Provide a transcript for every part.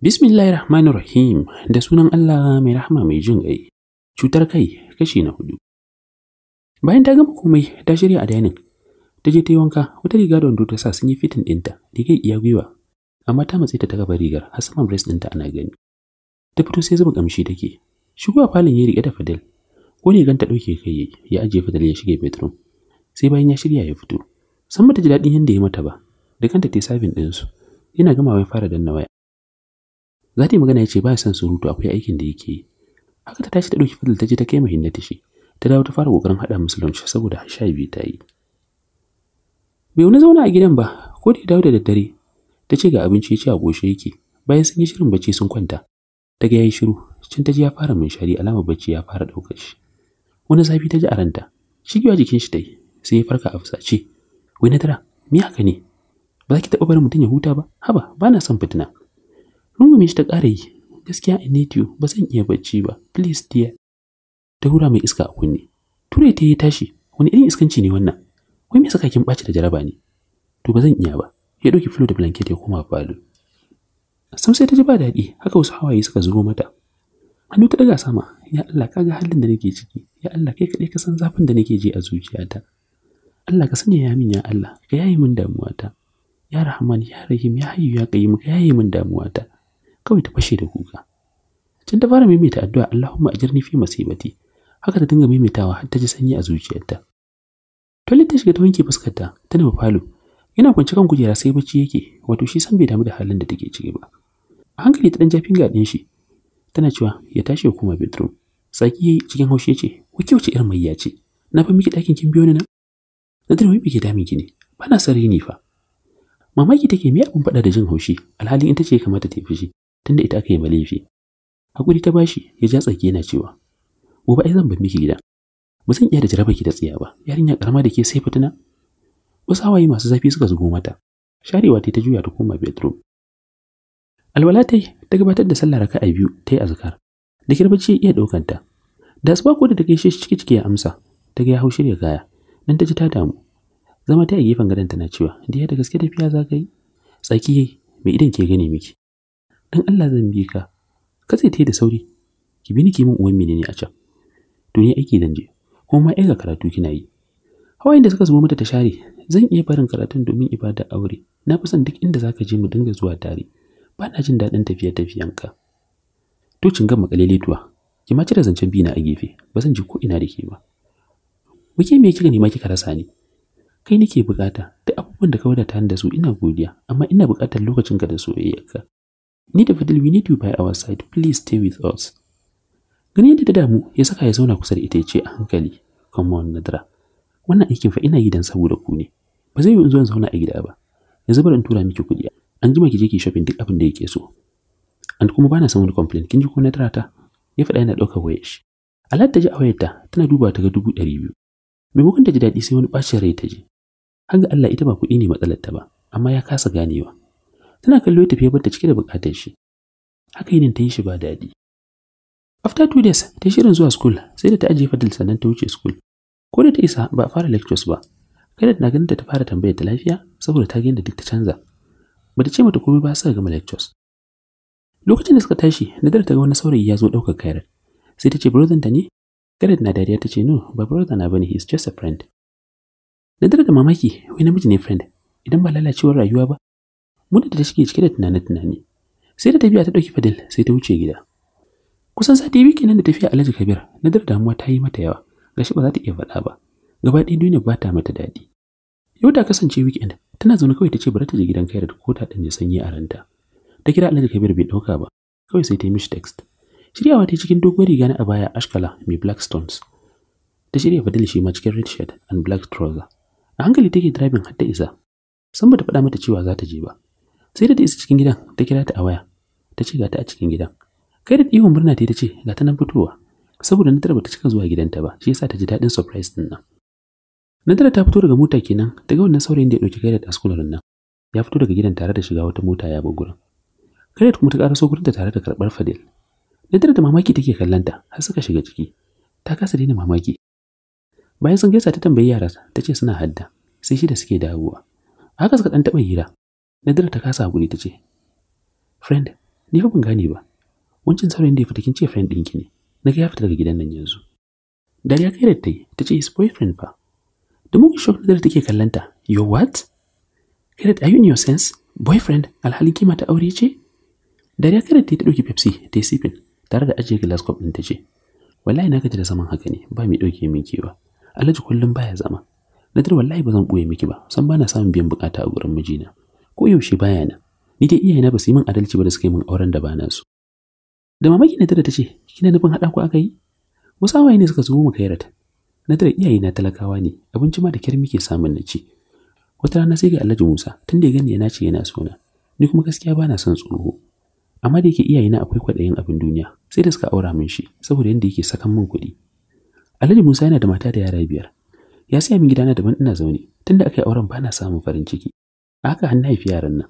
Bismillahir Rahmanir Rahim da sunan Allah mai rahama mai jin ƙai. Cutar kai kashi na hudu. Bayan ta gama komai ta shirya a dainin, ta je ta yi wanka wata riga da wando ta sa sun yi fitin ɗinta rigar iya gwiwa amma ta matse ta ta gaba rigar har saman breast ɗinta ana gani. Ta fito sai zuba kamshi take. Shigo a falon ya riƙe da Fadil. Ko ne ganta ta ɗauke kai ya ajiye Fadil ya shige bedroom. sai bayan ya shirya ya fito san bata ji daɗin yadda ya mata ba da kanta ta sabin ɗinsu yana gama ya fara danna waya za ta yi magana ya ce ba son surutu akwai aikin da yake yi haka ta tashi ta ɗauki fatal ta je ta kai mahinna ta shi ta dawo ta fara ƙoƙarin haɗa musulunci lunch saboda sha biyu ta yi bai wani zauna a gidan ba ko da ya dawo da daddare ta ce ga abinci ya ce a goshe yake bayan sun yi shirin bacci sun kwanta ta ga yayi shiru cin ta ji ya fara munshari alamar bacci ya fara ɗaukar shi wani zafi ta ji a ranta shigewa jikin shi ta sai ya farka a fusace wai na tara me haka ne ba za ki taɓa barin mutum ya huta ba haba ba na son fitina rungume shi ta ƙara yi gaskiya i need you ba zan iya bacci ba please dear ta hura mai iska a kunne ture ta yi tashi wani irin iskanci ne wannan wai me saka kin ɓaci da jaraba ne to ba zan iya ba ya ɗauki filo da blanket ya koma falo sam sai ta ji ba daɗi haka wasu hawaye suka zubo mata hannu ta daga sama ya Allah kaga halin da nake ciki ya Allah kai kaɗai ka san zafin da nake ji a zuciyata Allah ka sanya ya min ya Allah ka yaye min damuwata ya Rahman ya Rahim ya Hayyu ya Qayyim ka yaye min damuwata kawai ta fashe da kuka tun ta fara maimaita addu'a Allahumma ajirni fi masibati haka ta dinga maimaitawa har ta ji sanyi a zuciyarta To ta shiga ta wanke fuskarta ta nufa falo yana kwance kan kujera sai bacci yake wato shi san bai damu da halin da take ciki ba a hankali ta dan jafin gadin shi tana cewa ya tashi ya koma bedroom saki yayi cikin haushi ce wuce irin mayya ce na fa miki dakin kin biyo ni nan na tunawa me da damin ki ne ba na rini fa mamaki take me abin faɗa da jin haushi alhalin ita ce kamata ta fushi tunda ita aka yi malefi hakuri ta bashi ya ja tsaki yana cewa gobe ai zan bar miki gida ba zan iya da jaraba ki da tsiya ba yarinya karama da ke sai fitina wasu hawaye masu zafi suka zubo mata sharewa ta ta juya ta koma bedroom alwala ta ta gabatar da sallah raka'a biyu ta yi azkar da kirbaci iya ɗaukanta da asuba ko da ta gaishe shi ciki ciki ya amsa ta ga ya hau shirya kaya nan ta ji ta damu zama ta a gefen gadon tana cewa diya da gaske tafiya za ka yi tsaki yayi mai idan ke gane miki dan Allah zan bi ka ka sai da sauri ki bi ni ki min uwan menene a can to ni aiki zan je kuma ma ga karatu kina yi hawayen da suka zubo mata ta share zan iya barin karatun domin ibada aure na fi son duk inda zaka je mu dinga zuwa tare ba na jin daɗin tafiyan tafiyanka to cin gama kaleletuwa ki ma cire zancen na a gefe ba zan ji ko ina da ke ba Muke me kika nema kika rasa ni? Kai nake bukata, duk abubuwan da ka wadata da su ina godiya, amma ina bukatar lokacinka da soyayyarka. Ni da Fadil we need you by our side, please stay with us. Gani yadda ta damu ya saka ya zauna kusa da ita ya ce a hankali, come on Nadra. Wannan aikin fa ina gidan dan saboda ku ne. Ba zai yi in zo in zauna a gida ba. Ya bari in tura miki kuɗi. An jima ki je ki shopping duk abin da yake so. An kuma bana son wani complaint kin ji ko Nadra ta? Ya faɗa yana ɗaukar wayar shi. Alhaji ta ji a wayarta tana duba ta ga dubu ɗari biyu. maimakon ta ji daɗi sai wani ɓacin rai ta ji har ga Allah ita ba kuɗi ne matsalar ta ba amma ya kasa ganewa tana kallo tafiye barta cike da buƙatar shi haka yinin ta yi shi ba daɗi after two days ta shirin zuwa school sai da ta ajiye fadil sannan ta wuce school ko da ta isa ba a fara lectures ba kai da na ganin ta fara tambayar ta lafiya saboda ta ganin da duk ta canza ba ta ce mata komai ba suka gama lectures lokacin da suka tashi nadar ta ga wani saurayi ya zo ɗaukar kayar sai ta ce brother ta ne Garrett na dariya ta ce, No, ba brother na bane, he's just a friend. Na dare da mamaki, wai namiji ne friend, idan ba lalacewar rayuwa ba. Muna da shige cike da tunane tunani Sai da tafiya ta ɗauki Fadil sai ta wuce gida. Kusan sati biyu kenan da tafiya Alhaji Kabir, na dare damuwa ta yi mata yawa, gashi ba za ta iya faɗa ba. Gaba ɗaya duniya ba ta mata daɗi. Yau ta kasance weekend, tana zaune kawai ta ce bari ta je gidan kai da ko ta ɗan sanyi a ranta. Ta kira Alhaji Kabir bai ɗauka ba, kawai sai ta yi mishi text. Shiryawa ta cikin dogon riga na abaya ashkala mai black stones. Ta shirya fadil shi ma cikin red shirt and black trouser. A hankali take driving har ta isa. San bata faɗa mata cewa za ta je ba. Sai da ta isa cikin gidan ta kira ta a waya. Ta ce ga ta a cikin gidan. Kai da ihun murna ta ce ga ta nan fitowa. Saboda ba bata cika zuwa gidanta ba, shi yasa ta ji daɗin surprise din nan. Nadira ta fito daga mota kenan, ta ga wannan saurayin da ya ɗauki Kairat a skularin nan. Ya fito daga gidan tare da shiga wata mota ya bugura kai kuma ta ƙara so da tare da karɓar Fadil. Nadira da mamaki take kallanta har suka shiga ciki. Ta kasa daina mamaki. Bayan sun gaisa ta tambayi yara ta ce suna hadda sai shi da suke dawowa. A haka suka dan taba hira. Nadira ta kasa hakuri ta ce, "Friend, ni fa ban gane ba. Wancan saurayin da ya fita kin ce friend ɗinki ne. Na ga ya fita daga gidan nan yanzu." Dariya kai da ta yi, ta ce his boyfriend fa. Da mugun shock Nadira take kallanta, "Your what?" Kairat, are you sense? Boyfriend, alhalin kima ta aure ce? Dariya Kairat ta ta ɗauki Pepsi, ta yi sipin, tare da ajiye glass cup ɗin ta ce wallahi na gaji da zaman haka ne ba mai ɗauke min kewa alhaji kullum baya zama na tar wallahi ba zan ɓoye miki ba san ba na samun biyan bukata a gurin mijina ko yaushe baya na ni dai iyayena ba su yi min adalci ba da suka yi min auren da ba na su da mamaki na tara ta ce kina nufin hada ku aka yi wasu awaye ne suka zubo mu rata na tara iyayena talakawa ne abinci ma da kyar muke samun na ci wata rana sai ga Alhaji Musa tun da ya gani yana ce yana sona ni kuma gaskiya ba na son tsoro amma da yake iyayena akwai kwaɗayin abin duniya sai da suka aura min shi saboda yadda yake sakan min kuɗi alhaji musa yana da mata da yara biyar ya saya min gidana daban ina zaune tunda aka yi auren ba na samun farin ciki a haka an haifi yaran nan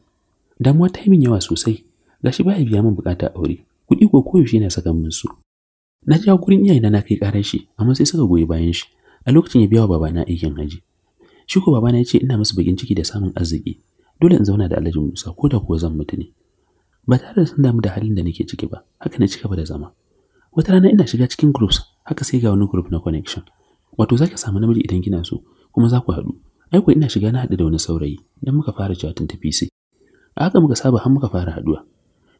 damuwa ta yi min yawa sosai gashi baya biya min bukata aure kuɗi ko koyaushe yana sakan min su na ja gurin iyayena na kai ƙarar shi amma sai suka goyi bayan shi a lokacin ya biya wa babana aikin haji shi ko babana ya ce ina musu bakin ciki da samun arziki dole in zauna da alhaji musa ko da kuwa zan mutu ba tare da sun damu da halin da nake ciki ba haka na ba da zama wata rana ina shiga cikin groups haka sai ga wani group na connection wato zaka samu namiji idan kina so kuma za ku haɗu ai ina shiga na haɗu da wani saurayi dan muka fara chatting ta PC a haka muka saba har muka fara haɗuwa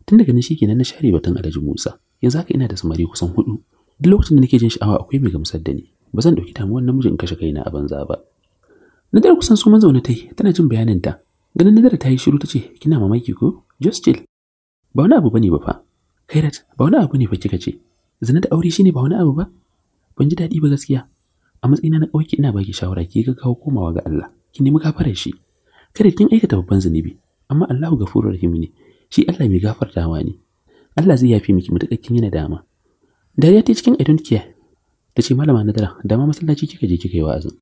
tun daga nan shikenan na share batun Alhaji Musa yanzu haka ina da samari kusan hudu duk lokacin da nake jin sha'awa akwai mai gamsar da ni ba zan dauki damuwar namijin kashe kaina a banza ba Nadara kusan su zaune ta yi tana jin bayanin ta ganin Nadara ta yi shiru ta kina mamaki ko just chill ba wani abu bane ba fa khairat ba wani abu ne fa kika ce zina da aure shine ba wani abu ba ban ji daɗi ba gaskiya a matsayina na ƙauki ina baki shawara ki ga kawo komawa ga Allah ki nemi gafarar shi kada kin aikata babban zunubi amma Allahu gafurur rahim ne shi Allah mai gafartawa ne Allah zai yafi miki mutakakkin yana dama dariya ta cikin idon kiya ta ce malama nadara dama masallaci kika je kika yi wa'azin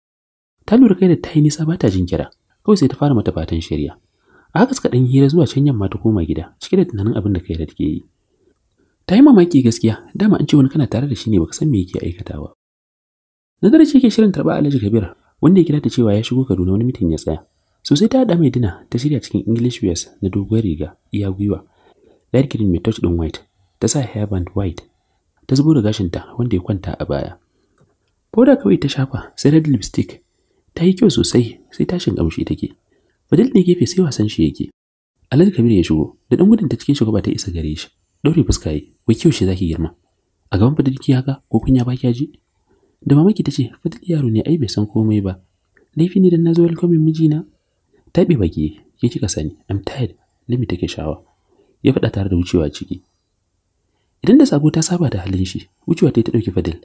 ta lura kai da ta yi nisa ba ta jin kira kawai sai ta fara mata fatan shari'a a haka suka ɗan hira zuwa can yamma ta koma gida cike da tunanin abin da kai da take yi ta yi mamaki gaskiya dama an ce wani kana tare da shi ne baka san me yake aikatawa na darace yake shirin tarba alhaji kabir wanda ya kira ta cewa ya shigo kaduna wani mitin ya tsaya sosai ta haɗa mai dina ta shirya cikin english wears na doguwar riga iya gwiwa light green mai touch ɗin white ta sa hairband white ta zubo da gashinta wanda ya kwanta a baya ko kawai ta shafa sai red lipstick ta yi kyau sosai sai tashin kamshi take Fadil ne gefe sai wasan shi yake. Alhaji Kabir ya shigo, da ɗan gudun ta cikin shugaba ta isa gare shi. Ɗaure fuska yi, wai kyau shi zaki girma. A gaban Fadil ki haka ko kunya ba baki ji? Da mamaki ta ce, Fadil yaro ne ai bai san komai ba. Laifi ne dan na zo welcoming mijina? Taɓe baki, ke kika sani, I'm tired, lemme take a Ya faɗa tare da wucewa ciki. Idan da sabo ta saba da halin shi, wucewa ta ta ɗauki Fadil.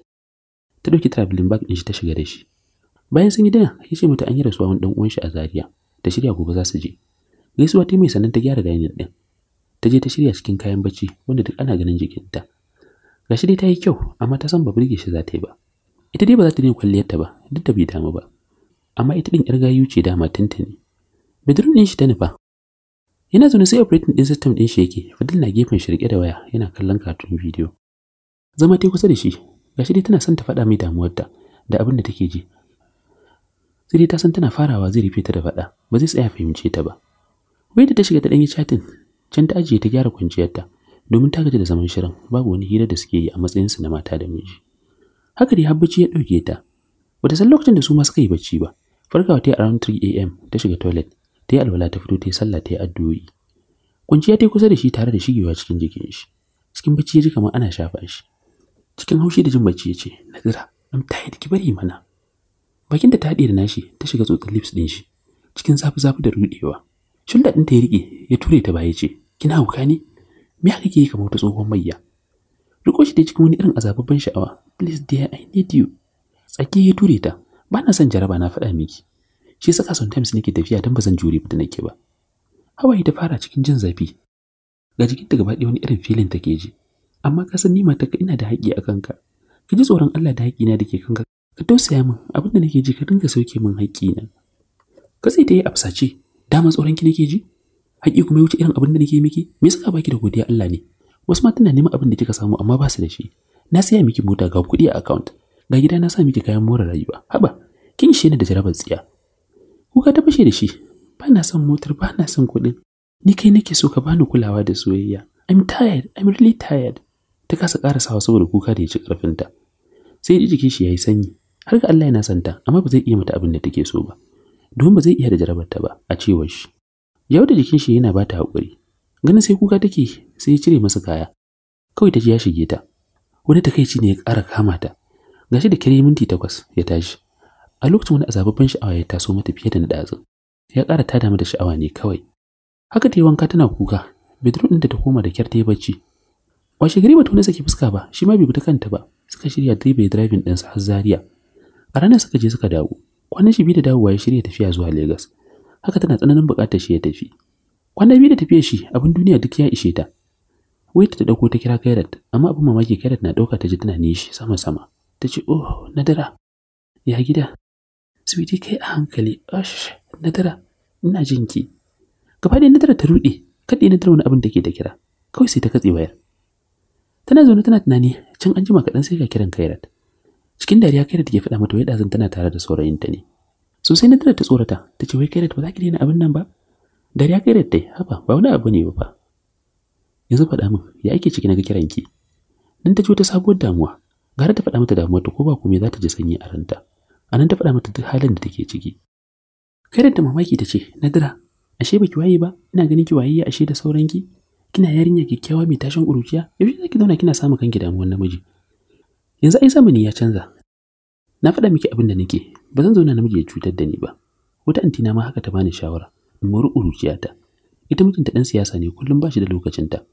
Ta ɗauki traveling bag ɗin shi ta shiga da shi. Bayan sun yi dina, ya ce mata an yi rasuwa wani ɗan uwan shi a Zaria. ta shirya gobe za su je gaisuwa ta mai sannan ta gyara dining din ta je ta shirya cikin kayan bacci wanda duk ana ganin jikinta gashi dai ta yi kyau amma ta san ba burge shi za ta yi ba ita dai ba za ta daina kwalliyarta ba duk da bai damu ba amma ita din yar gayu ce dama tuntuni bedroom din shi ta nufa yana zaune sai operating din system din shi yake fadil na gefen shirke rike da waya yana kallon katun bidiyo zama ta kusa da shi gashi dai tana son ta faɗa mai damuwarta da abin da take ji sai ta san tana farawa zai rufe ta da faɗa ba zai tsaya fahimce ta ba wai da ta shiga ta ɗanyi chatin can ta ajiye ta gyara kwanciyarta domin ta gaji da zaman shirin babu wani hira da suke yi a matsayinsu na mata da miji haka dai habbaci ya ɗauke ta bata san lokacin da su ma suka yi bacci ba farkawa ta yi around 3 am ta shiga toilet ta yi alwala ta fito ta yi sallah ta yi addu'o'i kwanciya ta yi kusa da shi tare da shigewa cikin jikin shi cikin bacci ya ji kamar ana shafa shi cikin haushi da jin bacci ya ce nazira ta tired ki bari mana da ta haɗe da nashi ta shiga tsotsar lips ɗin shi cikin zafi-zafi da ruɗewa shulda ɗin ta ya riƙe ya ture ta baya ce kina hauka ne me haka ke kamar wata tsohon mayya riko shi dai cikin wani irin azababban sha'awa please dear i need you tsaki ya ture ta ba na son jaraba na faɗa miki shi saka sometimes nake tafiya don ba zan jure ba da nake ba Hawa ta fara cikin jin zafi ga jikinta gaba ɗaya wani irin filin take ji amma ka san ni ka ina da haƙƙi a kanka ka ji tsoron Allah da na da ke kanka ka tausaya min abin da nake ji ka dinga sauke min haƙƙi Ka sai ta yi afsace dama tsoron ki nake ji haƙƙi kuma ya wuce irin abin da nake miki me yasa baki da godiya Allah ne wasu ma tana neman abin da kika samu amma ba su da shi na saya miki mota ga kuɗi a account ga gida na sa miki kayan more rayuwa haba kin ishe ni da jarabar tsiya kuka ta fashe da shi ba na son motar ba na son kuɗin ni kai nake so ka bani kulawa da soyayya i'm tired i'm really tired ta kasa ƙarasawa saboda kuka da ya ci ƙarfinta sai jikin shi ya yi sanyi har ga Allah yana santa amma ba zai iya mata abin da take so ba domin ba zai iya da ta ba a cewar shi yau da jikin shi yana ba ta haƙuri ganin sai kuka take sai ya cire masa kaya kawai ta ji ya shige ta wani takaici ne ya ƙara kama ta gashi da kiri minti takwas ya tashi a lokacin wani azababban sha'awa ya taso mata fiye da na ɗazun ya ƙara tada mata sha'awa ne kawai haka ta yi wanka tana kuka bedroom da ta koma da kyar ta yi bacci washe gari ba ta wani sake fuska ba shi ma bai bi ta kanta ba suka shirya direba ya driving ɗinsa har zaria a ranar suka je suka dawo kwanan shi biyu da dawowa ya shirya tafiya zuwa Legas haka tana tsananin buƙatar shi ya tafi kwanan biyu da tafiya shi abin duniya duk ya ishe ta wai ta dauko ta kira Kairat amma abin mamaki Kairat na dauka ta ji tana nishi sama sama ta ce oh nadara ya gida sweetie kai a hankali ash nadara ina jin ki. gaba da nadara ta rude kaɗai nadara wani abin da ke da kira kawai sai ta katse wayar tana zaune tana tunani can an jima kaɗan sai ka kiran Kairat cikin dariya kai da take faɗa mata wai ɗazin tana tare da saurayinta ne sosai na tare ta tsorata ta ce wai kai da ba za ki daina abin nan ba dariya kai da dai haba ba wani abu ne ba fa yanzu faɗa min ya ake ciki na ga kiran ki nan ta ji wata sabuwar damuwa gara ta faɗa mata damuwar ta ko ba komai za ta ji sanyi a ranta a nan ta faɗa mata duk halin da take ciki kai da mamaki ta ce nadira ashe baki waye ba ina ganin ki waye ashe da sauran ki? kina yarinya kyakkyawa mai tashin ƙuruciya yaushe za ki zauna kina samun kanki damuwar namiji yanzu ai zamani ya canza na faɗa miki abin da nake ba zan zauna namiji ya cutar da ni ba wata anti na ma haka ta bani shawara in uruciya ta. ita mijinta ɗan siyasa ne kullum ba shi da lokacinta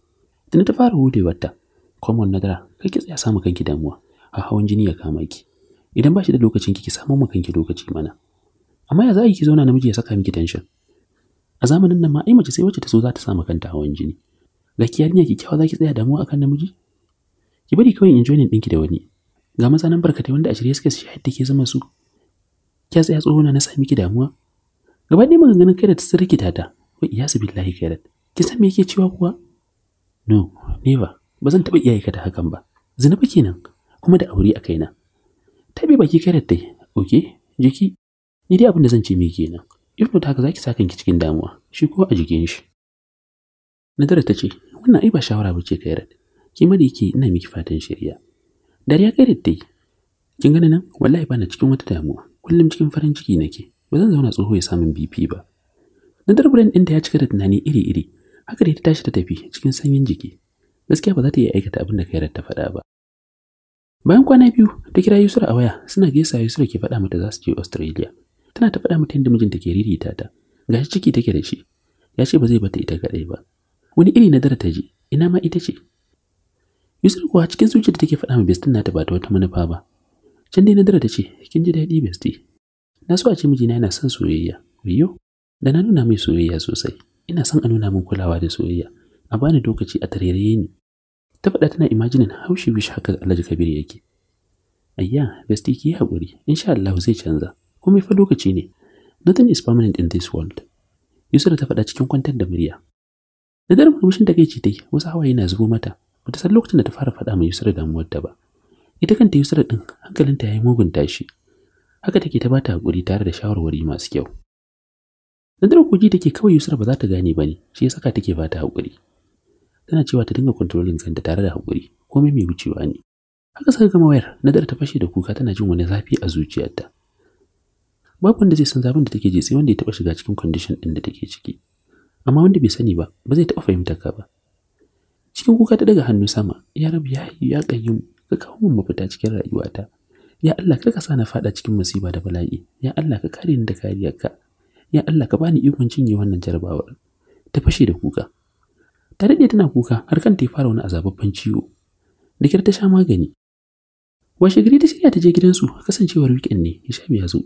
tana ta fara Kwamon common nagara kai ki tsaya samu kanki damuwa A hawan jini ya kama ki idan ba shi da lokacin ki ki samu mu kanki lokaci mana amma ya za ki zauna namiji ya saka miki tension a zamanin nan ma ai mace sai wacce ta so za ta samu kanta hawan jini ga ki yarinya ki za ki tsaya damuwa akan namiji ki bari kawai enjoying ɗinki da wani ga maza nan barkatai wanda a shirye suke su shahid ke zama su kya tsaya tsoro na sami ki damuwa gaba ɗaya maganganun kai da ta sarki tata wa iyasu billahi kairat ki san me yake cewa kuwa no neva. ba zan taɓa iya da hakan ba zina ba kenan kuma da aure a kaina ta bi baki kairat dai oke jiki ni dai abin da zan ce me kenan if not haka zaki sa kanki cikin damuwa shi ko a jikin shi nadara ta ce wannan ai ba shawara ba ce kairat ki yake ke ina miki fatan shari'a dariya kai da ta yi kin gani nan wallahi bana cikin wata damuwa kullum cikin farin ciki nake ba zan zauna tsoho ya samun bp ba nadar biran ɗinta ya cika da tunani iri-iri haka dai ta tashi ta tafi cikin sanyin jiki gaskiya ba za ta iya aikata abin da kairar ta faɗa ba bayan kwana biyu ta kira yusra a waya suna gaisa yusra ke faɗa mata za su je australia tana ta faɗa mata yadda mijinta ke ririta ta gashi ciki take da shi ya ce ba zai bata ita kaɗai ba wani iri na dara ta ji ina ma ita ce Yusuf kuwa cikin zuciyar da take faɗa ma bestin nata ba ta wata manufa ba. Can dai Nadira ta ce, "Kin ji daɗi besti." Na so a ce mijina yana son soyayya. Wiyo, da na nuna mai soyayya sosai. Ina son a nuna min kulawa da soyayya. A bani lokaci a tarairaye ni. Ta faɗa tana imajinin how she wish haka Alhaji Kabir yake. Ayya, besti ki haƙuri. Insha Allah zai canza. Komai fa lokaci ne. Nothing is permanent in this world. Yusuf ta faɗa cikin kwantar da murya. Nadar murmushin da kai ce ta yi, wasu hawaye na zubo mata. bata san lokacin da ta fara faɗa mai Yusra ta ba ita kanta Yusra din hankalinta yayi mugun tashi haka take ta bata hakuri tare da shawarwari masu kyau Nadira kuji take kawai Yusra ba za ta gane bane shi ya take bata hakuri tana cewa ta dinga controlling kanta tare da hakuri komai mai wucewa ne haka sai gama wayar nadar ta fashe da kuka tana jin wani zafi a zuciyarta babu wanda zai san zafin da take ji sai wanda ya taba shiga cikin condition din da take ciki amma wanda bai sani ba ba zai taba fahimta ka ba cikin kuka ta daga hannu sama ya rabu ya yi ya kayyum ka kawo min mafita cikin rayuwata ya Allah kar ka sa na fada cikin musiba da bala'i ya Allah ka kare ni da kariyarka ya Allah ka bani ikon cinye wannan jarabawar ta fashe da kuka ta daɗe tana kuka har kan ta fara wani azababban ciwo da ta sha magani washe gari ta shirya ta je gidansu kasancewar weekend ne Hisham ya zo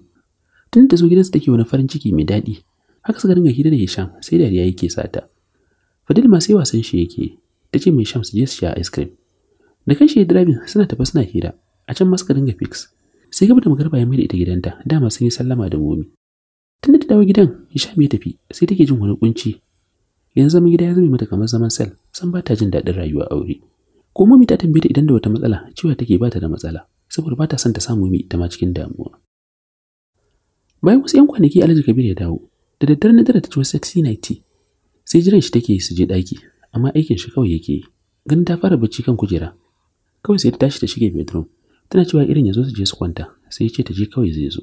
tun da zo gidansu take wani farin ciki mai daɗi haka suka dinga hira da Hisham sai dariya yake sata Fadil ma sai wasan shi yake ta ce mai shams je su sha ice cream da kan shi ya driving suna tafa suna hira a can masu ga dinga fix sai gaba da magarba ya mai da ita gidanta dama sun yi sallama da momi tunda ta dawo gidan ya sha ya tafi sai take jin wani kunci yanzu zaman gida ya zama mata kamar zaman sel san ba ta jin daɗin rayuwa aure ko momi ta tambaye idan da wata matsala cewa take ba ta da matsala saboda ba ta son ta samu mi ta ma cikin damuwa bayan wasu 'yan kwanaki alhaji Kabiru ya dawo da daddare na dare ta ci wasu sexy night sai jiran shi take su je ɗaki amma aikin shi kawai yake ganin ta fara bacci kan kujera kawai sai ta tashi ta shige bedroom tana cewa irin yazo su je su kwanta sai ya ce ta je kawai zai zo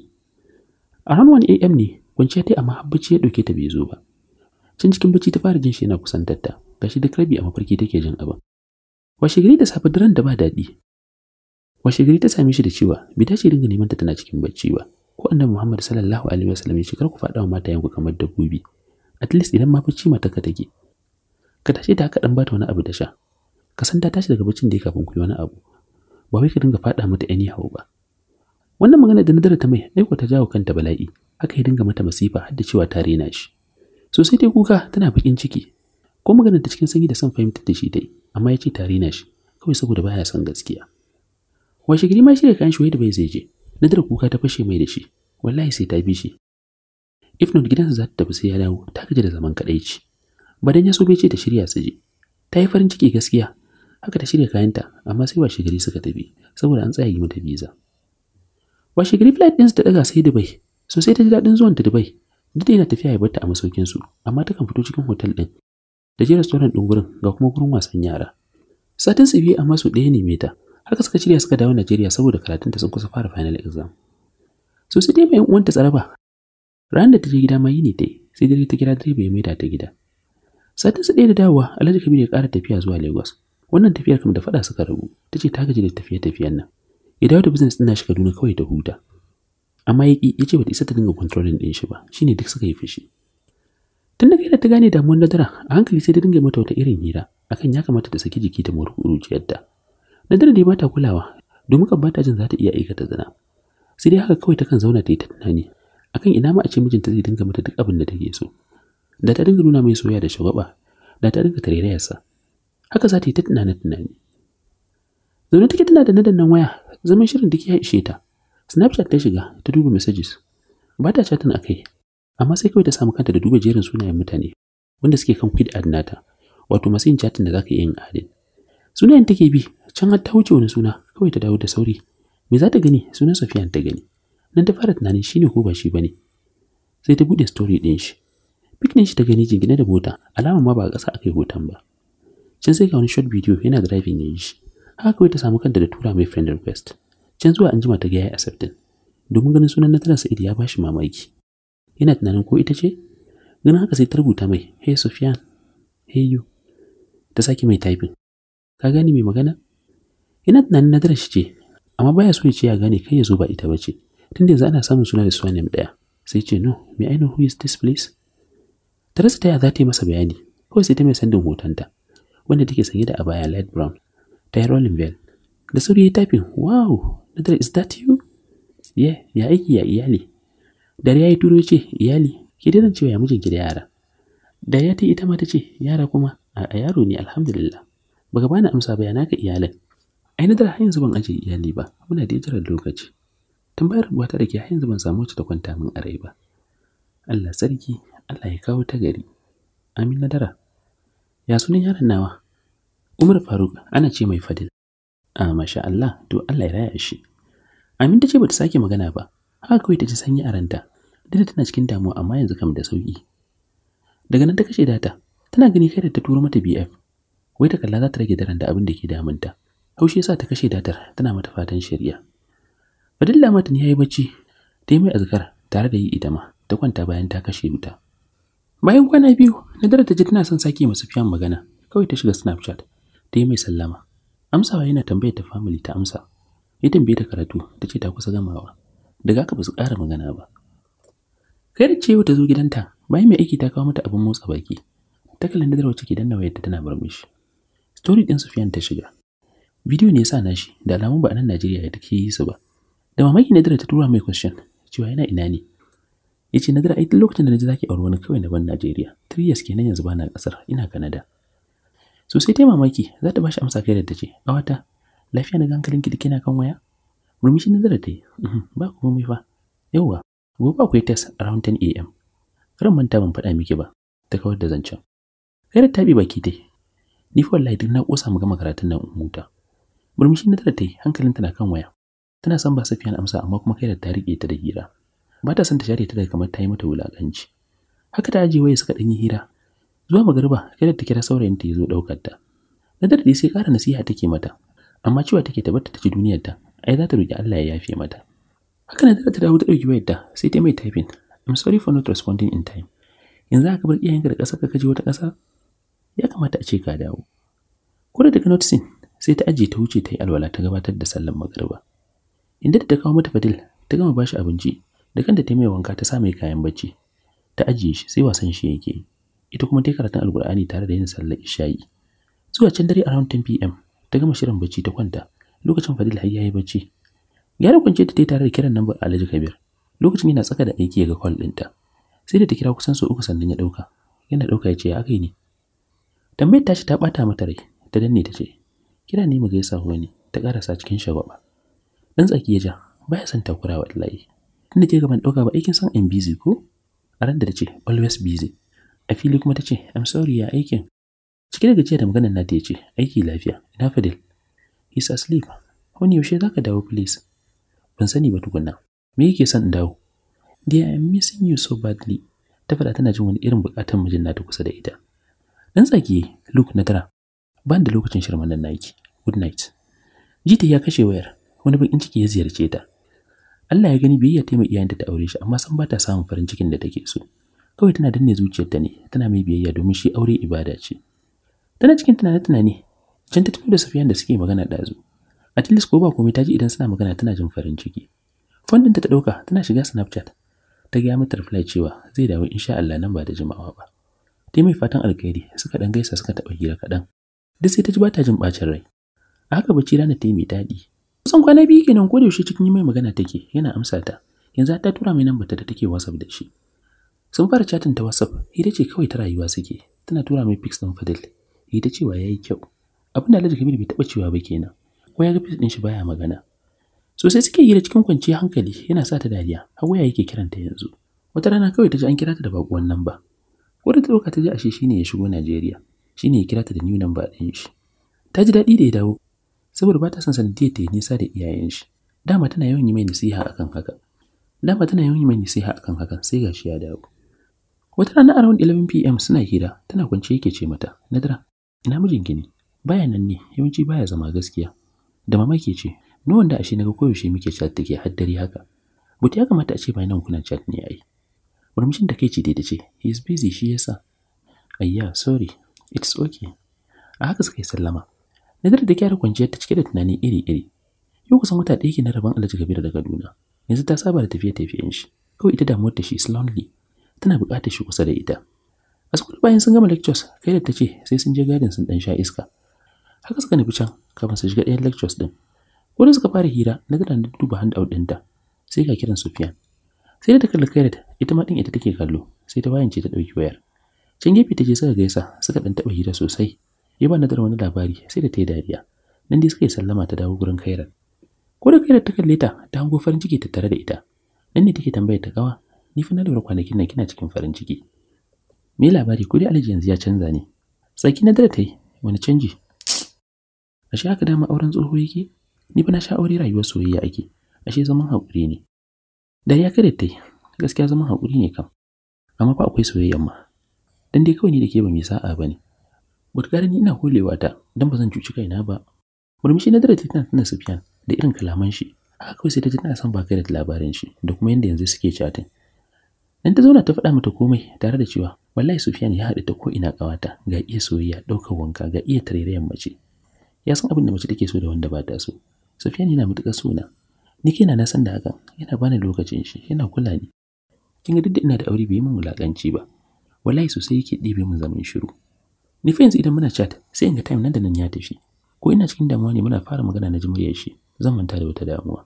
a ran wani am ne kwanciya ta amma bacci ya dauke ta bai zo ba cin cikin bacci ta fara jin shi yana kusantar ta gashi duk rabi a mafarki take jin abin washe gari da safe daren da ba daɗi washe gari ta same shi da cewa bai dace dinga neman ta tana cikin bacci ba ko annabi Muhammad sallallahu alaihi wasallam ya ce kar ku faɗa wa mata ku kamar dabbobi at least idan ma bacci ka take ka tashi ta haka ba ta wani abu da sha ka san ta tashi daga bacin da ya kafin ku yi wani abu ba wai ka dinga faɗa mata any hau ba wannan magana da nadara ta mai aiko ta jawo kanta bala'i haka ya dinga mata masifa har da cewa ta rena shi sosai dai kuka tana bakin ciki ko magana ta cikin sanyi da son fahimtar da shi dai amma ya ce ta rena shi kawai saboda baya son gaskiya washe gari ma shirya kayan shi da bai zai je nadar kuka ta fashe mai da shi wallahi sai ta bi shi if not gidansa za ta tafi sai ya dawo ta gaji da zaman kadaici Badan ya so bai ce ta shirya su je. Ta yi farin ciki gaskiya. Haka ta shirya kayanta, amma sai washe gari suka tafi, saboda an tsaya yi mata biza. Washe gari flight ɗinsu ta ɗaga sai Dubai, so sai ta ji daɗin zuwan ta Dubai. Duk da yana tafiya ya bar a masaukinsu, amma takan fito cikin hotel ɗin. Da je restaurant ɗin gurin ga kuma gurin wasan yara. Satin su biyu amma su ɗaya ne meta, haka suka shirya suka dawo Najeriya saboda karatunta sun kusa fara final exam. So sai dai mai uwanta tsaraba. Ranar da ta je gida ma ne ta yi, sai dare ta kira direba ya maida ta gida. satin su ɗaya da dawowa alhaji kabiru ya ƙara tafiya zuwa lagos wannan tafiyar kam da faɗa suka rabu ta ce ta gaji da tafiye tafiyar nan ya dawo da business ɗin nashi kaduna kawai ta huta amma ya ya ce bata isa ta dinga controlling ɗin shi ba shine duk suka yi fushi tun da kaida ta gane damuwar nadara a hankali sai ta dinga mata wata irin hira akan ya kamata ta saki jiki ta mori kuruciyarta nadara dai bata kulawa domin kan bata jin za ta iya aikata zina sai dai haka kawai takan zauna ta yi ta tunani akan ina ma a ce mijinta zai dinga mata duk abin da take so da ta dinga nuna mai soyayya da shugaba da ta dinga tarayyarsa haka za ta yi ta tunanin tunani zaune take tana da nadannan waya zaman shirin duk ya ishe ta snapchat ta shiga ta duba messages ba ta chatin a kai amma sai kawai ta samu kanta da duba jerin sunayen mutane wanda suke kan feed ad nata wato masu yin chatin da za ka iya yin adin sunayen take bi can har ta wuce wani suna kawai ta dawo da sauri me za ta gani sunan safiyan ta gani nan ta fara tunanin shine ko ba shi bane sai ta bude story din shi Picnic shi ta gani jingine da mota, alama ma ba a ƙasa aka yi hoton ba. Can sai ga wani short video yana driving ya yi shi. Haka kawai ta samu kanta da tura mai friend request. Can zuwa anjima ta ga ya accepting. Domin ganin sunan na tara Sa'id ya ba shi mamaki. Yana tunanin ko ita ce? Ganin haka sai ta rubuta mai, "Hey Sufyan, hey you." Ta sake mai typing. Ka gane mai magana? Yana tunanin na tara shi ce, amma baya so ya ce ya gane kai ya zo ba ita ba ce. Tunda yanzu ana samun suna da suwa surname ɗaya. Sai ce, "No, may I know who is this please?" ta taya za ta yi masa bayani kawai sai ta mai sandin hotonta wanda take sanye da abaya light brown ta yi rolling bell da sauri ya tafin wow nadar is that you yeah ya aiki ya iyali dare ya yi turo ce iyali ke dai zan cewa ya mijinki da yara da ya ta ita ma ta ce yara kuma a yaro ne alhamdulillah ba ga bani amsa ba yana ka iyalan ai nadar har yanzu ban ajiye iyali ba muna da jiran lokaci tambayar rubuta da ke har yanzu ban samu wacce ta kwanta min a rai ba Allah sarki Allah ya kawo ta gari amin na dara ya sunan yaron nawa Umar Faruk ana ce mai Fadil a ah, masha Allah to Allah ya raya shi Amin ta ce bata sake magana ba haka kawai ta ji sanyi a ranta tana cikin damuwa amma yanzu kam da sauki daga nan ta kashe data tana gani kai da ta turo mata BF wai ta kalla za ta rage daren da abin da ke damunta ya sa ta kashe datar tana mata fatan shari'a Fadilla mata ne yi bacci ta yi mai azkar tare da yi ita ma ta kwanta bayan ta kashe wuta bayan kwana biyu nadara ta ji tana son sake masu fiyan magana kawai ta shiga snapchat ta yi mai sallama amsawa yana tambayar ta family ta amsa ya tambaye ta karatu ta ce ta kusa gamawa daga aka ba su ƙara magana ba kai da cewa ta zo gidanta bayan mai aiki ta kawo mata abin motsa baki ta kalli nadara wacce ke danna wayarta tana murmushi story din sufiyan ta shiga bidiyo ne ya sa nashi da alamun ba a nan najeriya da take yi su ba da mamaki nadara ta tura mai question cewa yana ina ne ya ce na dira lokacin da na ji zaki aure wani kawai na ban Najeriya three years kenan yanzu bana kasar ina Canada so sai ta mamaki za ta bashi amsa kai da ta ce awata lafiya na gankalin ki kina kan waya murmushi na dira ta yi mhm, ba ku komai fa yawwa gobe akwai test around 10 am karan manta ban faɗa miki ba ta kawar da zancen kai da tabi baki ta ni fa wallahi duk na kosa mu gama karatun nan huta murmushi na dira ta yi hankalinta na kan waya tana son ba safiya amsa amma kuma kai da ta rike ta da hira bata ta son ta share ta daga kamar ta yi mata wulakanci haka ta aje waya suka ɗanyi hira zuwa magariba da ta kira saurayin ta ya zo ɗaukar ta na dai sai ƙara nasiha take mata amma cewa take ta bar ta ci duniyar ta ai za ta roki Allah ya yafe mata haka na ta dawo ta ɗauki wayar ta sai ta mai typing I'm sorry for not responding in time yanzu aka bar iyayenka da ƙasa ka kaje wata ƙasa ya kamata a ce ka dawo ko daga noticing sai ta ajiye ta wuce ta yi alwala ta gabatar da sallan magariba inda ta kawo mata fadil ta gama bashi abinci da kanta ta mai wanka ta sa mai kayan bacci ta ajiye shi sai wasan shi yake ita kuma ta yi karatun alkur'ani tare da yin sallar isha'i zuwa can dare around 10 pm ta gama shirin bacci ta kwanta lokacin fadil har yayi bacci gyara kwance ta tare da kiran nambar alhaji kabir lokacin yana tsaka da aiki ga kwal ɗinta sai da ta kira kusan sau uku sannan ya dauka, yana ɗauka ya ce ya aka yi ne tambayar tashi ta ɓata mata rai ta danne ta ce kira ne mu gaisa wani ta karasa cikin shagwaba dan tsaki ya ja baya son takura wallahi tunda ke gaban ɗauka ba aikin san I'm busy ko a ran da ta ce always busy a fili kuma ta ce I'm sorry ya aikin cike da gajiya da magana na ya ce aiki lafiya ina Fadil he's asleep wani yaushe za ka dawo please ban sani ba tukunna me yake son in dawo dear I'm missing you so badly ta faɗa tana jin wani irin buƙatar mijin nata kusa da ita dan tsaki Luke na tara Ba da lokacin shirman nan naki good night jita ya kashe wayar wani bakin ciki ya ziyarce ta Allah ya gani biyayya ta mai iyayenta ta aure shi amma san ba ta samun farin cikin da take so. Kawai tana danne zuciyarta ne, tana mai biyayya domin shi aure ibada ce. Tana cikin tunane-tunane, can ta tafi da Safiyan da suke magana ɗazu. At least ko ba komai ta ji idan suna magana tana jin farin ciki. Fondinta ta ɗauka tana shiga Snapchat. Ta gaya mata reply cewa zai dawo insha Allah nan ba da jimawa ba. Ta mai fatan alkhairi suka ɗan gaisa suka taɓa hira kaɗan. Duk sai ta ji ba ta jin ɓacin rai. A haka bacci rana ta yi mai daɗi kusan kwana biyu kenan ko da yaushe cikin mai magana take yana amsa ta yanzu ta tura mai namba ta da take whatsapp da shi sun fara chatin ta whatsapp ita ce kawai ta rayuwa suke tana tura mai pics din fadil ita cewa yayi kyau abin da Alhaji Kabir bai taba cewa ba kenan ko ya ga pics din shi baya magana sosai suke yi da cikin kwanciyar hankali yana sa ta dariya har waya yake kiranta yanzu wata rana kawai ta ji an kira ta da bakuwan namba da ta ɗauka ta ji ashe shine ya shigo Najeriya shine ya kira ta da new number ɗin shi ta ji daɗi da ya dawo saboda ba ta son sanadiyar ta yi nisa da iyayen shi dama tana yawan yi mai nasiha akan haka dama tana yawan yi mai nasiha akan haka sai gashi ya dawo wata rana around 11 pm suna hira tana kwance yake ce mata nadira ina mijinki ne baya nan ne yawanci baya zama gaskiya da mamaki ce ni wanda ashe naga koyaushe muke chat take har dare haka but ya kamata a ce bayan nan kuna chat ne ai murmushin da kai ce dai da ce he is busy shi yasa ayya sorry it's okay a haka suka yi sallama Nadar da kyara kwanciyar ta cike da tunani iri-iri. Yau kusan wata ɗaya kenan rabon Alhaji Kabir da Kaduna. Yanzu ta saba da tafiye-tafiyen shi. Kawai ita damuwar ta shi is Tana buƙatar shi kusa da ita. A school bayan sun gama lectures, kai da ta ce sai sun je gadin sun dan sha iska. Haka suka nufi can kafin su shiga ɗayan lectures ɗin. Wani suka fara hira, na da duba handout ɗinta. Sai ka kiran Sufiyan. Sai da ta kalli Kairat, ita ma ɗin ita take kallo, sai ta bayance ta ɗauki wayar. Can gefe ta je suka gaisa, suka ɗan taɓa hira sosai. ya ba nadar wani labari sai da ta yi dariya nan dai suka yi sallama ta dawo gurin kairan ko da kairar ta kalle ta ta hango farin ciki ta tare da ita nan ne take tambayar ta gawa ni fa na lura kwanakin nan kina cikin farin ciki me labari ko dai alhaji yanzu ya canza ne tsaki nadar ta yi wani canji ashe haka dama auren tsoho yake ni fa na sha aure rayuwar soyayya ake ashe zaman haƙuri ne dariya kada ta yi gaskiya zaman haƙuri ne kam amma fa akwai soyayya ma dan dai kawai ni da ke ba mai sa'a ne. But ni ina holewa ta don ba zan cuci kaina ba. Murmushi na dare tana tana Sufyan da irin kalaman shi. Haka kawai sai ta ji tana son baka da labarin shi da kuma yanda yanzu suke chatting. Dan ta zauna ta faɗa mata komai tare da cewa wallahi Sufyan ya haɗu ta ko ina kawata ga iya soyayya ɗaukar wanka ga iya tarairayan mace. Ya san abin da mace take so da wanda ba ta so. Sufyan yana matuƙar sona. Ni ke na san da hakan yana bani lokacin shi yana kula ni. Kin ga duk da ina da aure bai min wulakanci ba. Wallahi sosai yake ɗebe min zaman shiru. Ni fa yanzu idan muna chat sai in ga time nan da nan ya tafi. Ko ina cikin damuwa ne muna fara magana na ji shi zan manta da wata damuwa.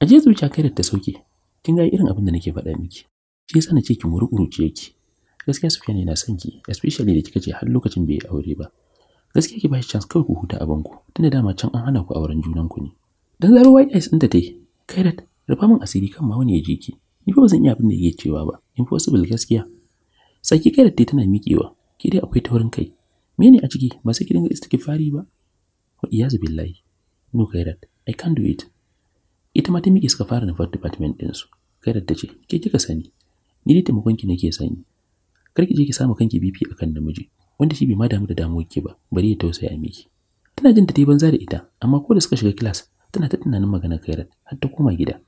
A je zuciya kai da ta sauke. Kin ga irin abin da nake faɗa miki. Shi yasa na ce ki murukuruce yake. Gaskiya ne na son ki especially da kika ce har lokacin bai aure ba. Gaskiya ki ba shi chance kawai ku huta a banku tunda dama can an hana ku auren junanku ne. Dan zaro white eyes da ta yi. Kairat rufa min asiri kan ma wani ya ji ki. Ni fa ba zan iya abin da yake cewa ba. Impossible gaskiya. Saki Kairat da tana miƙewa Ki dai akwai taurin kai. Mene a ciki ba sai ki dinga istighfari ba? Wa iyazu billahi. No kairat. I can't do it. Ita ma ta miƙe suka fara nufar department su kairat ta ce, ke kika sani, ni dai taimakon ki nake sani. Kar ki je ki samu kanki BP akan namiji, wanda shi bai ma damu da damuwar ki ba, bari ya tausaya miki. Tana jin ta ta banza da ita, amma ko da suka shiga class, tana ta tunanin magana kairat har ta koma gida.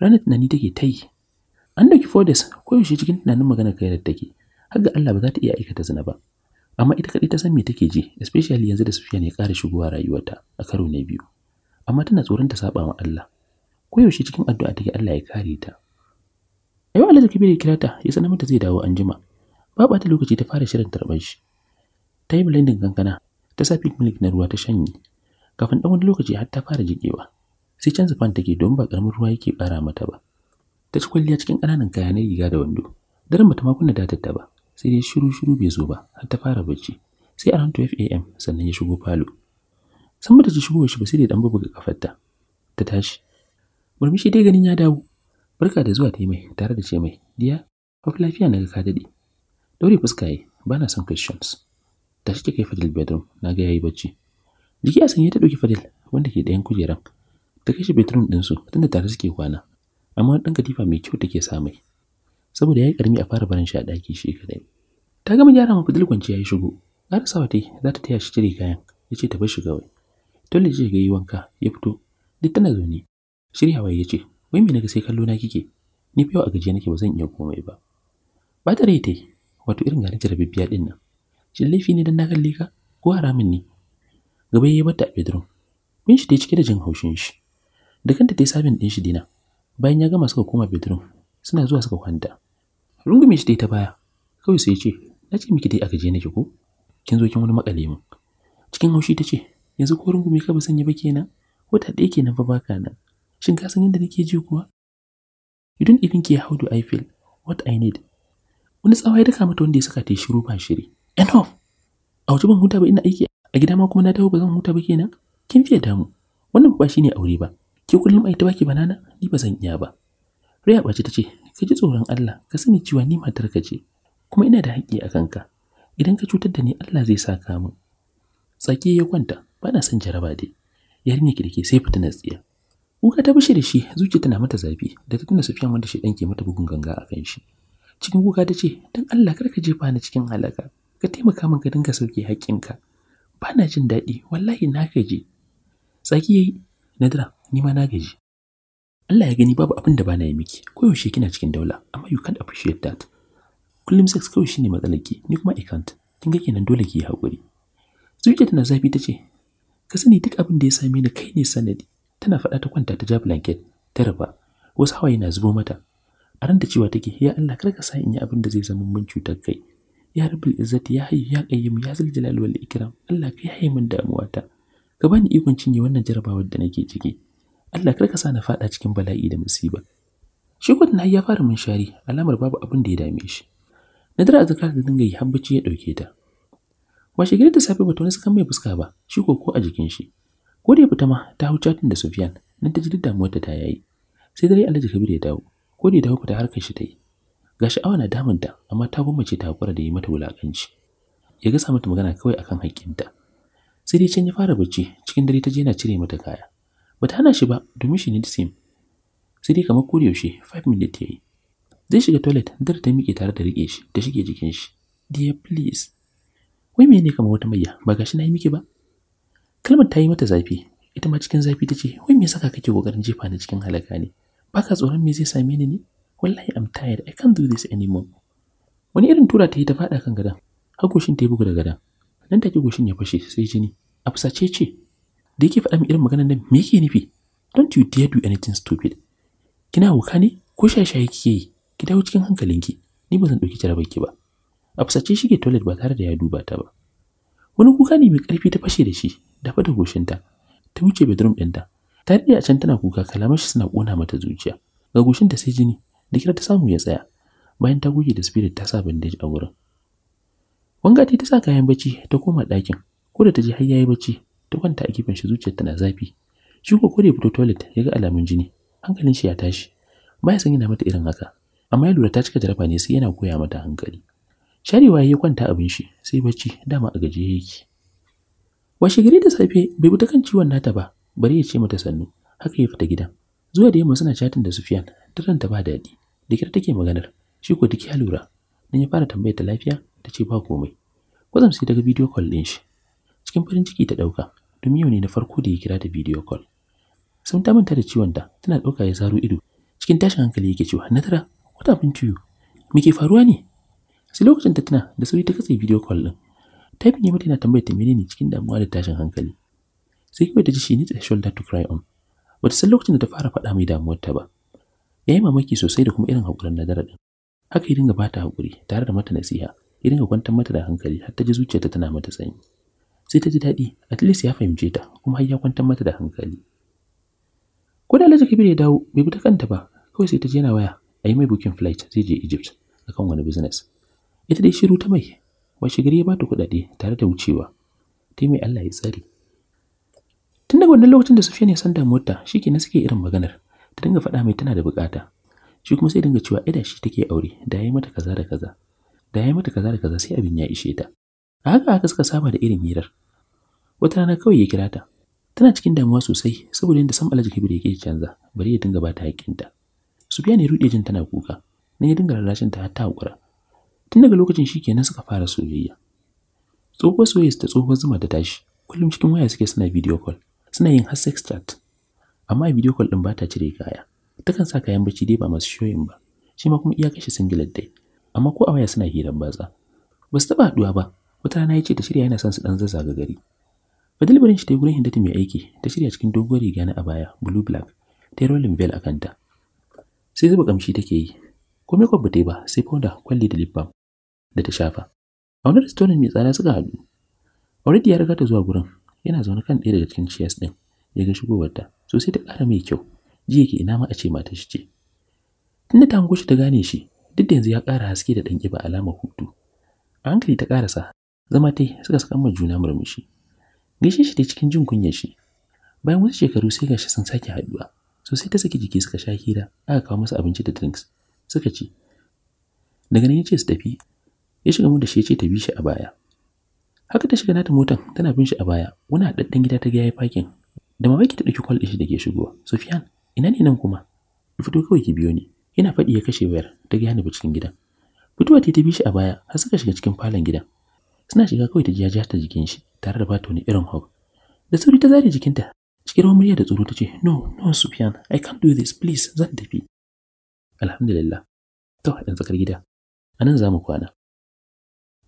Ranar tunani take ta yi. An dauki Fodes koyaushe cikin tunanin magana kairat take. har ga Allah ba za ta iya aikata zina ba amma ita kaɗai ta san me take ji especially yanzu da Sufyan ya kare shigowa rayuwarta a karo na biyu amma tana tsoron ta saba wa Allah koyaushe cikin addu'a take Allah ya kare ta ayo Allah da kibiri kirata ya sanar mata zai dawo anjima ba ta lokaci ta fara shirin tarban shi ta yi blending kankana ta sa pink milk na ruwa ta shanye kafin ɗan wani lokaci har ta fara jikewa sai canza fan take don ba karamin ruwa yake ɓara mata ba ta ci kwalliya cikin kananan kaya riga da wando daren bata ma kunna da ta ba sai dai shiru shiru bai zo ba har ta fara bacci sai around 12 am sannan ya shigo falo san ta ji shigowar shi ba sai da dan bubuga kafarta ta tashi murmushi dai ganin ya dawo barka da zuwa ta mai tare da ce mai diya of lafiya na ga ka dade daure fuska yi ba na son questions tashi shi kai fadil bedroom na ga yayi bacci jiki a sanye ta dauki fadil wanda ke ɗayan kujeran ta kai shi bedroom su tunda tare suke kwana amma wani ɗan katifa mai kyau take sa mai saboda ya yi karmi a fara barin shi a ɗaki shi kadai. Ta gama gyara ma fudul ya yi shigo. har ta za ta taya shi cire kayan ya ce ta bar shi gawai. Tolle ce ga yi wanka ya fito duk tana zaune. Shiryawa ya ce wai me naga sai kallo na kike ni fa a gajiya nake ba zan iya komai ba. Ba ta rai ta yi wato irin ganin jarabibbiya ɗin nan. Shin laifi ne don na kalle ka ko haramin ne? Gaba ya yi bata a bedroom. kun shi ta cike da jin haushin shi. Da kanta ta yi sabin ɗin shi dina. Bayan ya gama suka koma bedroom suna zuwa suka kwanta rungume shi dai ta baya kawai sai ce na ce miki dai aka je nake ko kin zo kin wani makale mu cikin haushi ta ce yanzu ko rungume ka ba sanya ba kenan wata ɗaya kenan fa baka nan shin ka san yadda nake ji kuwa you don't even care how do I feel what I need wani tsawa ya daka mata wanda ya saka ta shiru ba shiri enough a wuce ban huta ba ina aiki a gida ma kuma na dawo ba zan huta ba kenan kin fiye damu wannan ba ne aure ba ke kullum a yi ta baki banana ni ba zan iya ba Rai ɓace ta ce, Ka ji tsoron Allah, ka sani cewa ni matar ka ce, kuma ina da haƙƙi a kanka. Idan ka cutar da ni Allah zai sa ka min. Tsaki ya kwanta, ba na son jaraba dai. ne kirki sai fita na tsiya. Kuka ta bushe da shi, zuciya tana mata zafi, da ta tuna Sufiyan wanda shi ke mata bugun ganga a kan shi. Cikin kuka ta ce, don Allah kar ka jefa ni cikin halaka, ka taimaka min ka dinga sauke haƙƙinka." Ba na jin daɗi, wallahi na gaji. Tsaki yi, Nadira, ni ma na gaji. Allah ya gani babu abin da bana yi miki koyaushe kina cikin daula amma you can't appreciate that kullum sex kawai shine matsalar ki ni kuma I can't kin ga kenan dole ki yi hakuri zuciya tana zafi tace ka sani duk abin da ya same ni kai ne sanadi tana faɗa ta kwanta ta ja blanket ta raba wasu hawaye na zubo mata a ran da cewa take ya Allah kar ka sa in yi abin da zai zama mun cutar kai ya rabbul izzat ya hayyu ya qayyim ya zal jalal wal ikram Allah kai haye damuwa damuwata ka bani ikon cinye wannan jarabawar da nake ciki Allah kar ka sa na faɗa cikin bala'i da musiba shi kwadin har ya fara munshari alamar babu abin da ya dame shi Nadira azkar da dinga yi har bacci ya dauke ta washe gari da safe bata wani sakan mai fuska ba shi ko ko a jikin shi ko da ya ma ta hau chatin da Sufyan nan ta ji duk damuwar ta yayi sai dare Alhaji Kabir ya dawo ko da ya dawo fita harkar shi ta yi ga sha'awa na damunta amma ta gwammace ta hakura da yi mata wulakanci ya gasa mata magana kawai akan haƙƙinta sai dai can ya fara bacci cikin dare ta je na cire mata kaya ba ta hana shi ba domin shi ne sim sai dai kamar yaushe 5 minutes yayi zai shiga toilet dar ta miƙe tare da rike shi ta shige jikin shi dear please wai ne kamar wata mayya ba gashi na yi miki ba kalmar ta yi mata zafi ita ma cikin zafi ta ce wai me saka kake kokarin jefa ni cikin halaka ne baka tsoron me zai same ni ne wallahi i'm tired i can't do this anymore wani irin tura ta yi ta faɗa kan gadan har goshin ta yi bugu da gadan nan take goshin ya fashe sai jini a fusace ce da yake faɗa min irin maganar nan me yake nufi don't you dare do anything stupid kina wuka ne ko shaye-shaye kike yi ki dawo cikin hankalinki ni ba zan ɗauki jarabar ki ba a fusace shige toilet ba tare da ya duba ta ba wani kuka ne mai ƙarfi ta fashe da shi da da goshinta ta wuce bedroom ɗinta ta riɗe a can tana kuka kalamar shi suna ƙona mata zuciya ga goshinta sai jini da kira ta samu ya tsaya bayan ta goge da spirit ta sa bandage a wurin wanga ta sa kayan bacci ta koma ɗakin ko da ta je har yayi bacci ta kwanta a gefen shi zuciyar na zafi shi ko kore fito toilet ya ga alamun jini hankalin shi ya tashi Ba ya san yana mata irin haka amma ya lura ta cika jarafa ne sai yana koya mata hankali sharewa ya kwanta abin shi sai bacci dama a gaje yake washe gari da safe bai bi kan ciwon nata ba bari ya ce mata sannu haka ya fita gidan zuwa da yamma suna chatin da Sufyan Ta ta ba daɗi da kira take maganar shi ko duk ya lura dan ya fara tambayar ta lafiya ta ce ba komai kwazam sai daga bidiyo call din shi cikin farin ciki ta ɗauka don yau ne na farko da ya kira ta bidiyo call sun ta manta da ciwon ta tana ɗauka ya zaro ido cikin tashin hankali yake cewa na tara wata abin ciwo me ke faruwa ne sai lokacin ta tana da sauri ta katse bidiyo call ɗin ta yi mata yana tambayar ta menene cikin damuwa da tashin hankali sai kawai ta ji shi ne a shoulder to cry on bata san lokacin da ta fara faɗa mai damuwar ta ba Ya yi mamaki sosai da kuma irin hakurin nadara din haka ya dinga bata haƙuri, tare da mata nasiha ya dinga kwantar mata da hankali har ta ji zuciyarta tana mata sanyi sai ta ji daɗi at least ya fahimce ta kuma har ya kwantar mata da hankali ko da Alhaji Kabir ya dawo bai bi ta kanta ba kawai sai ta je na waya a yi mai booking flight zai je Egypt akan wani business ita dai shiru ta mai washe gari ya ba ta kuɗaɗe tare da wucewa ta mai Allah ya tsare tun daga wannan lokacin da Sufyan ya san damuwarta na suke irin maganar ta dinga faɗa mai tana da bukata shi kuma sai dinga cewa ida shi take aure da yayi mata kaza da kaza da yayi mata kaza da kaza sai abin ya ishe ta A haka aka suka saba da irin hirar. Wata rana kawai ya kira ta. Tana cikin damuwa sosai saboda yadda sam Alhaji Kabir yake canza, bari ya dinga bata ta Sufiyan ya ruɗe jin tana kuka, na ya dinga lalashin ta har ta haƙura. Tun daga lokacin shi kenan suka fara soyayya. Tsohuwar soyayya ta tsohuwar zuma ta tashi, kullum cikin waya suke suna video call, suna yin har sex chat. Amma a video call ɗin ba ta cire kaya, takan sa kayan bacci dai ba masu shoyin ba, shi ma kuma iya kashe singilar dai, amma ko a waya suna hirar batsa. Ba su taɓa haɗuwa ba, wata rana ya ce ta shirya yana son su ɗan ga gari fadil shi ta yi gurin hindata mai aiki ta shirya cikin doguwar riga na abaya blue black ta yi rolling bell a kanta sai zuba kamshi take yi ko me ba ta yi ba sai powder kwalli da lip balm da ta shafa a wani restaurant mai tsada suka haɗu already ya riga ta zuwa gurin yana zaune kan ɗaya daga cikin chairs ɗin ya ga shigowarta so sai ta ƙara mai kyau jiya yake ina ma a ce mata shi ce tunda ta hango shi ta gane shi duk da yanzu ya kara haske da ɗan ƙiba alamar hutu a hankali ta ƙarasa zama tai suka saka mai juna murmushi gaishe shi da cikin jin kunyar shi bayan wasu shekaru sai gashi sun sake haduwa so sai ta saki jiki suka sha hira aka kawo masa abinci da drinks suka ci daga nan ya ce su tafi ya shiga mu da shi ya ce ta bi shi a baya haka ta shiga nata motan tana bin shi a baya wani haɗaɗɗen gida ta ga yayi parking da mamaki ta ɗauki kwal ɗin shi da ke shigowa ina ne nan kuma ki fito kawai ki biyo ni yana faɗi ya kashe wayar ta ga yana cikin gidan fitowa ta bi shi a baya har suka shiga cikin falon gidan suna shiga kawai ta jiya ta jikin shi tare da bata wani irin hob da sauri ta zare jikinta cikin rawar murya da tsoro ta ce no no Sufyan I can't do this please zan tafi alhamdulillah to haɗin tsakar gida a nan za mu kwana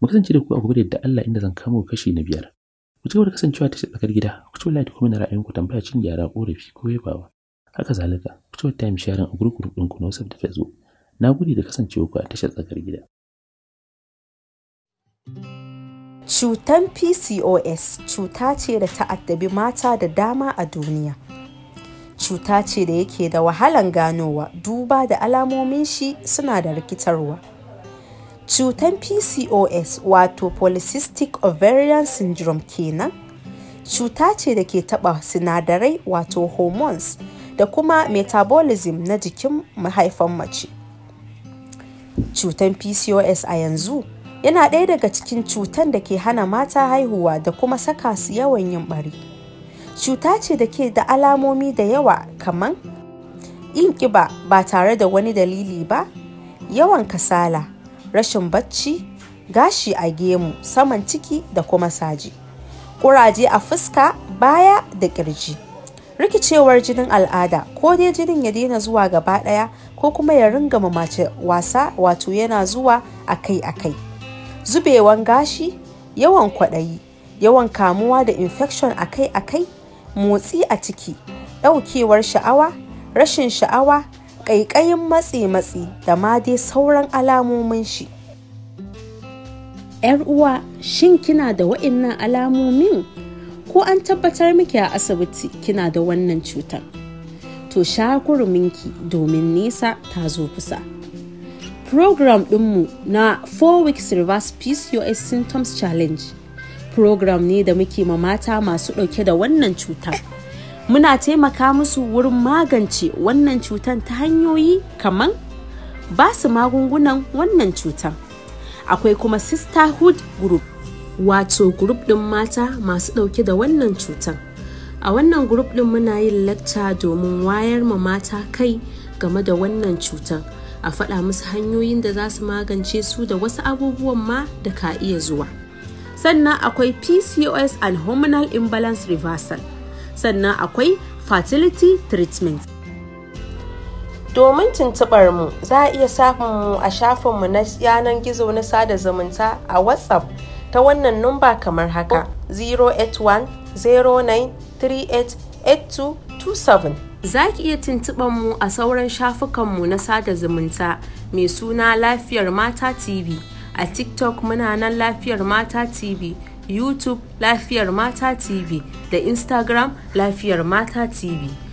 mu kasance da ku a gobe da Allah inda zan kamo kashi na biyar ku ci gaba da kasancewa ta tsakar gida ku ci wallahi da kuma ra'ayinku tambaya cin gyara korafi ko yabawa haka zalika ku ci wata time sharing a gurgurun ɗinku na WhatsApp da Facebook na gudu da kasancewa ku a tashar tsakar gida thank you Cutan PCOS cuta ce da ta addabi mata da dama a duniya. Cuta ce da yake da wahalan ganowa duba da alamomin shi suna da rikitarwa. Cutan PCOS wato Polycystic Ovarian Syndrome kenan. Cuta ce da ke taɓa sinadarai wato hormones da kuma metabolism na jikin mahaifan mace. Cutan PCOS a yanzu yana ɗaya daga cikin cutan da ke hana mata haihuwa da kuma saka su yawan yin ɓari cuta ce da ke da alamomi da yawa kaman yin ƙiba ba tare da wani dalili ba yawan kasala rashin bacci gashi a gemu saman ciki da kuma saji ƙuraje a fuska baya da ƙirji rikicewar jinin al'ada ko dai jinin ya daina zuwa gaba ɗaya ko kuma ya ringa mace wasa wato yana zuwa akai-akai zubewan gashi yawan kwaɗayi yawan kamuwa da infection akai-akai motsi a ciki ɗaukewar sha'awa rashin sha'awa ƙaiƙayin matse-matse da ma dai sauran alamomin shi ‘yar uwa shin kina da wa'innan alamomin ko an tabbatar miki a asibiti kina da wannan cutar to sha ki, domin nisa ta zo kusa. program ɗinmu na 4 weeks reverse PCOS symptoms challenge program ne da muke ma mata masu ɗauke da wannan cutar muna taimaka musu wurin magance wannan cutan ta hanyoyi kaman ba su magungunan wannan cutar akwai kuma sisterhood group wato group ɗin mata masu ɗauke da wannan cutan a wannan group ɗin muna yin lacca domin wayar ma mata kai game da wannan cutan a faɗa musu hanyoyin da za su magance su da wasu abubuwan ma da ka iya zuwa sannan akwai pcos and hormonal imbalance reversal sannan akwai fertility treatment domin tuntubar mu za a iya samun mu a shafinmu na yanar gizo na sada zumunta a whatsapp ta wannan numba kamar haka 081 09 38 Za ki iya tuntuɓar mu a sauran shafukanmu na sada zumunta mai suna Lafiyar Mata TV. A TikTok muna nan Lafiyar Mata TV, YouTube Lafiyar Mata TV da Instagram Lafiyar Mata TV.